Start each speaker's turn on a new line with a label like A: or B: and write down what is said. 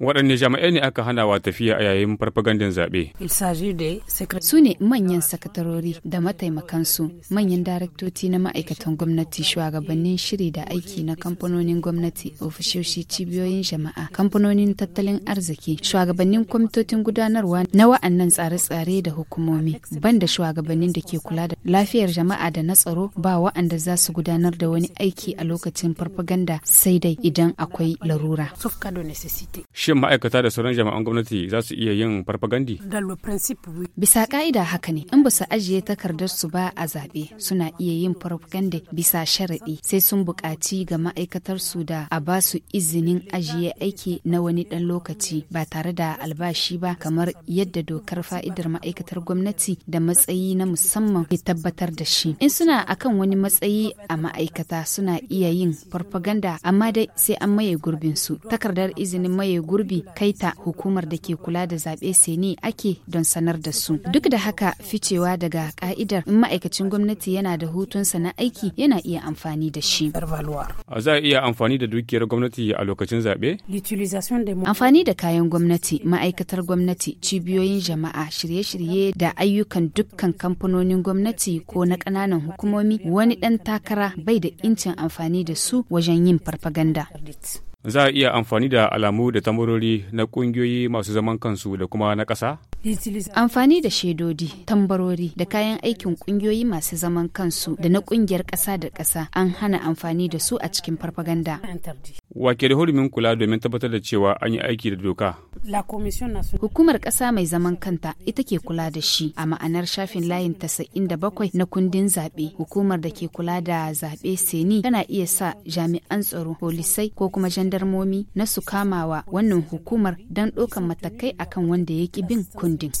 A: waɗanne jama'ai ne aka hana wa tafiya a yayin farfagandin zaɓe.
B: su ne manyan sakatarori da mataimakansu manyan daraktoci na ma'aikatan gwamnati shugabannin shiri da aiki na kamfanonin gwamnati ofishoshi cibiyoyin jama'a kamfanonin tattalin arziki shugabannin kwamitocin gudanarwa na wa'annan tsare-tsare da hukumomi banda shugabannin da ke kula da lafiyar jama'a da na tsaro ba wa'anda za su gudanar da wani aiki a lokacin farfaganda sai dai idan akwai larura.
A: Shin ma'aikata da sauran jami'an gwamnati za su iya yin farfagandi?
B: Bisa ka'ida haka ne, in basu ajiye takardar su ba a zaɓe suna iya yin farfagandi bisa sharaɗi sai sun buƙaci ga ma'aikatar su da a ba su izinin ajiye aiki na wani ɗan lokaci ba tare da albashi ba kamar yadda dokar fa'idar ma'aikatar gwamnati da matsayi na musamman ke tabbatar da shi. In suna akan wani matsayi a ma'aikata suna iya yin farfaganda amma dai sai an maye gurbin su Takardar izinin maye gurbin gurbi ta hukumar da ke kula da zaɓe seni ake don sanar da su. Duk da haka ficewa daga ka'idar in ma'aikacin gwamnati yana da hutunsa na aiki yana iya amfani da shi.
A: A za a iya amfani da dukiyar gwamnati a lokacin zaɓe?
B: Amfani da kayan gwamnati, ma'aikatar gwamnati, cibiyoyin jama'a, shirye-shirye da ayyukan dukkan kamfanonin gwamnati ko na ƙananan hukumomi wani ɗan takara bai da incin amfani da su wajen yin farfaganda.
A: za a iya amfani da alamu da tambarori na ƙungiyoyi masu zaman kansu da kuma na ƙasa?
B: Amfani da shaidodi, tambarori da kayan aikin ƙungiyoyi masu zaman kansu da na ƙungiyar ƙasa da ƙasa an hana amfani da su a cikin farfaganda.
A: Wake da hurumin kula domin tabbatar da cewa an yi aiki da doka.
B: Hukumar ƙasa mai zaman kanta ita ke kula da shi a ma'anar shafin layin tasa'in da bakwai na kundin zaɓe. Hukumar da ke kula da zaɓe seni tana iya sa jami'an tsaro, polisai ko kuma jandarmomi na su kamawa wannan hukumar don ɗaukan matakai akan wanda ya ƙi bin kundin.